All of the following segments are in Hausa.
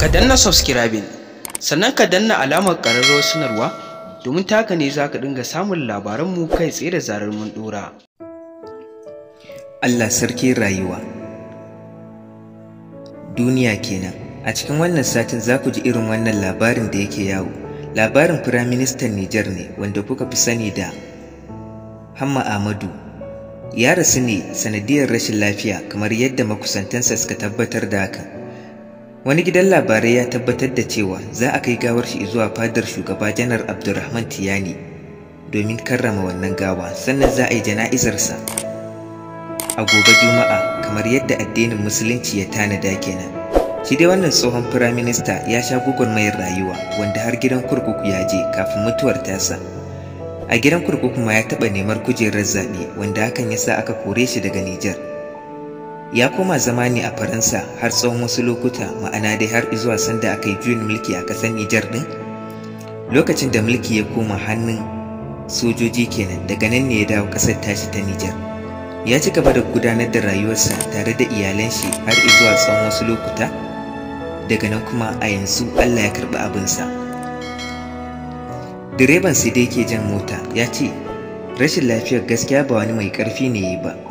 ka danna subscribing sannan ka danna alamar ƙararrawar sanarwa domin taka ne za ka dinga samun labaranmu kai tsaye da zarar mun dora Allah sarki rayuwa duniya kenan a cikin wannan satin za ku ji irin wannan labarin da yake yawo labarin firaministan Nijar ne wanda kuka fi sani da Hamma Amadu. ya rasu ne sanadiyar rashin lafiya kamar yadda makusantansa suka tabbatar da haka wani gidan labarai ya tabbatar da cewa za a kai gawar shi zuwa fadar shugaba janar Abdurrahman tiyani domin karrama wannan gawa sannan za a yi jana'izarsa a gobe juma'a kamar yadda addinin musulunci ya tanada kenan shi dai wannan tsohon firaminista ya sha mayar rayuwa wanda har gidan kurkuku ya je kafin mutuwar tasa a gidan kurkuku ma ya taɓa neman kujerar zaɓe wanda hakan ya sa aka kore shi daga nijar ya koma zama ne a faransa har tsawon wasu lokuta ma'ana dai har zuwa sanda aka yi juyin mulki a ƙasar nijar ɗin lokacin da mulki ya koma hannun sojoji kenan daga nan ne ya dawo ƙasar tashi ta nijar ya ci gaba da gudanar da rayuwarsa tare da iyalan shi har zuwa tsawon wasu lokuta daga nan kuma a yanzu allah ya karɓi abinsa direban sai dai ke jan mota ya ce rashin lafiyar gaskiya ba wani mai ƙarfi ne ba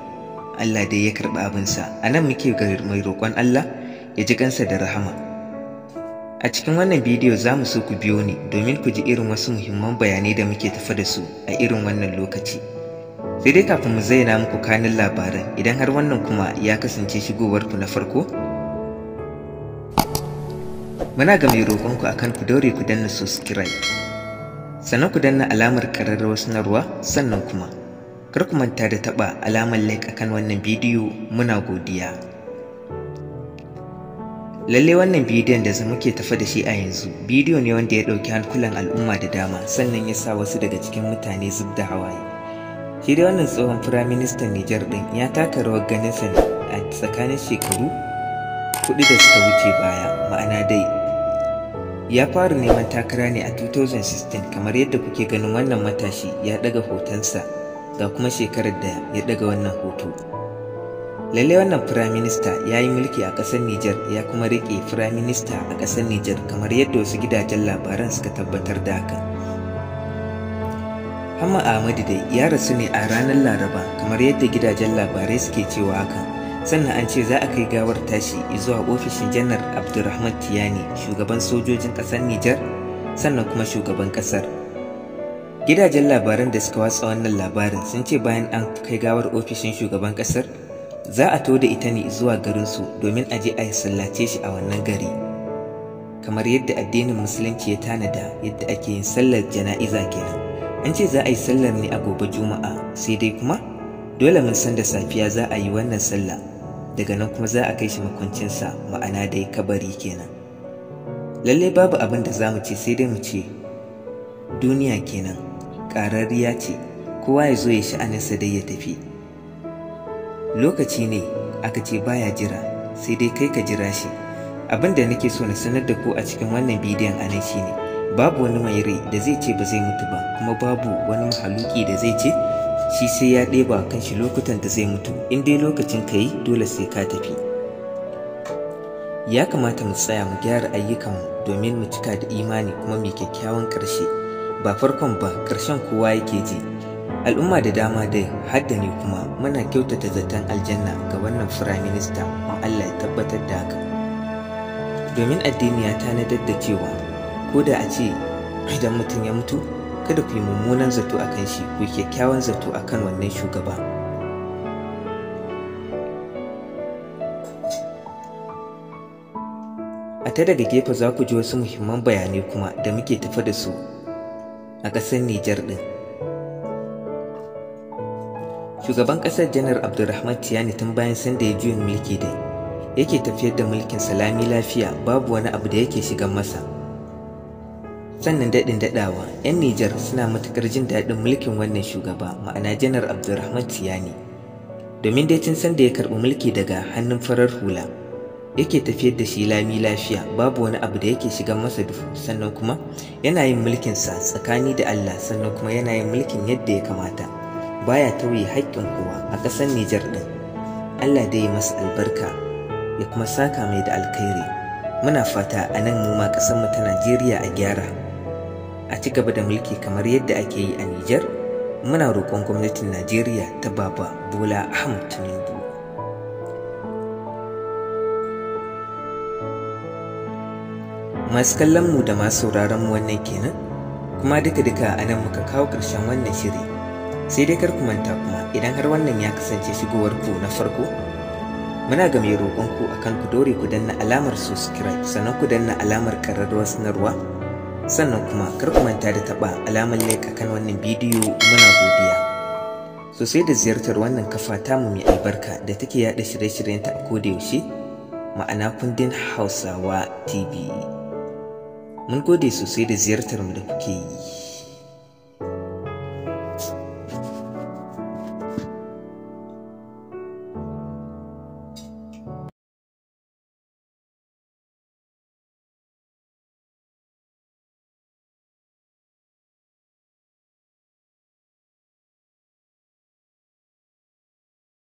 Allah dai ya karɓi abinsa a nan muke mai roƙon Allah ya ji kansa da rahama a cikin wannan bidiyo za mu so ku biyo ni domin ku ji irin wasu muhimman bayanai da muke tafa da su a irin wannan lokaci sai dai kafin mu zaina muku kanin labaran idan har wannan kuma ya kasance shigowarku na farko muna ga mai ku akan ku daure ku danna subscribe sannan ku danna alamar ƙararrawar sanarwa sannan kuma kar ku manta da taɓa alamar like akan wannan bidiyo muna godiya Lallai wannan bidiyon da muke tafa da shi a yanzu bidiyo ne wanda ya ɗauki hankulan al'umma da dama sannan ya sa wasu daga cikin mutane zub da hawaye shi dai wannan tsohon firaministan nijar ɗin ya taka rawar ganin sa a tsakanin shekaru kuɗi da suka wuce baya ma'ana dai ya fara neman takara ne a 2016 kamar yadda kuke ganin wannan matashi ya ɗaga hotonsa ga kuma shekarar da ya daga wannan hoto lalle wannan firaminista ya yi mulki a ƙasar Nijar ya kuma riƙe firaminista a ƙasar Nijar kamar yadda wasu gidajen labaran suka tabbatar da haka Hamma Ahmadu dai ya rasu ne a ranar Laraba kamar yadda gidajen labarai suke cewa hakan sannan an ce za a kai gawar tashi zuwa ofishin janar Abdulrahman Tiyani shugaban sojojin ƙasar Nijar sannan kuma shugaban ƙasar Gidajen labaran da suka watsa wannan labarin sun ce bayan an kai gawar ofishin shugaban kasar za a to da ita ne zuwa garinsu domin a je a sallace shi a wannan gari. Kamar yadda addinin Musulunci ya tanada yadda ake yin sallar jana'iza kenan. An ce za a yi sallar ne a gobe Juma'a sai dai kuma dole mun san da safiya za a yi wannan sallah daga nan kuma za a kai shi makwancinsa ma'ana dai kabari kenan. Lallai babu abin da za mu ce sai dai mu ce duniya kenan ƙarariya ce kowa ya zo ya sha'aninsa dai ya tafi lokaci ne aka ce baya jira sai dai kai ka jira shi abin da nake so na sanar da ku a cikin wannan bidiyon anan shi ne babu wani mai rai da zai ce ba zai mutu ba kuma babu wani haluki da zai ce shi sai ya ɗeba kan shi lokutan da zai mutu in dai lokacin ka yi dole sai ka tafi ya kamata mu tsaya mu gyara ayyukanmu domin mu cika da imani kuma mai kyakkyawan ƙarshe ba farkon ba ƙarshen kowa yake ji al'umma da dama dai hadda ne kuma muna kyautata zaton aljanna ga wannan firayim minista kuma allah ya tabbatar da haka domin addini ya tanadar da cewa ko da a ce idan mutum ya mutu kada ku yi mummunan zato a kan shi ku yi kyakkyawan zato a kan wannan shugaba a ta daga gefe za ku ji wasu muhimman bayanai kuma da muke tafa da su a ƙasar Nijar ɗin. Shugaban ƙasar Janar Abdulrahman Tiyani tun bayan sanda ya juyin mulki dai yake tafiyar da mulkin salami lafiya babu wani abu da yake shigan masa. Sannan daɗin daɗawa, 'yan Nijar suna matuƙar jin daɗin mulkin wannan shugaba ma'ana Janar Abdulrahman Tiyani. Domin dai tun sanda ya karɓi mulki daga hannun farar hula, yake tafiyar da shi lami lafiya babu wani abu da yake shiga masa duhu sannan kuma yana yin mulkin sa tsakani da Allah sannan kuma yana yin mulkin yadda ya kamata baya tauye haƙƙin kowa a ƙasar Nijar ɗin Allah dai ya masa albarka ya kuma saka mai da alkhairi muna fata a nan mu ma ƙasar mu ta Najeriya a gyara a ci gaba da mulki kamar yadda ake yi a Nijar muna roƙon gwamnatin Najeriya ta Baba Bola Ahmed Tinubu masu kallon mu da masu sauraron mu wannan kenan kuma duka duka a nan muka kawo ƙarshen wannan shiri sai dai kar ku manta kuma idan har wannan ya kasance shigowar ku na farko muna ga mai roƙon ku akan ku dore ku danna alamar subscribe sannan ku danna alamar ƙararrawar sanarwa sannan kuma kar ku manta da taɓa alamar like akan wannan bidiyo muna godiya sosai da ziyartar wannan kafa mu mai albarka da take yaɗa shirye-shiryenta a kodayaushe yaushe ma'ana kundin hausawa tv mun gode sosai da ziyartar mu da kuke yi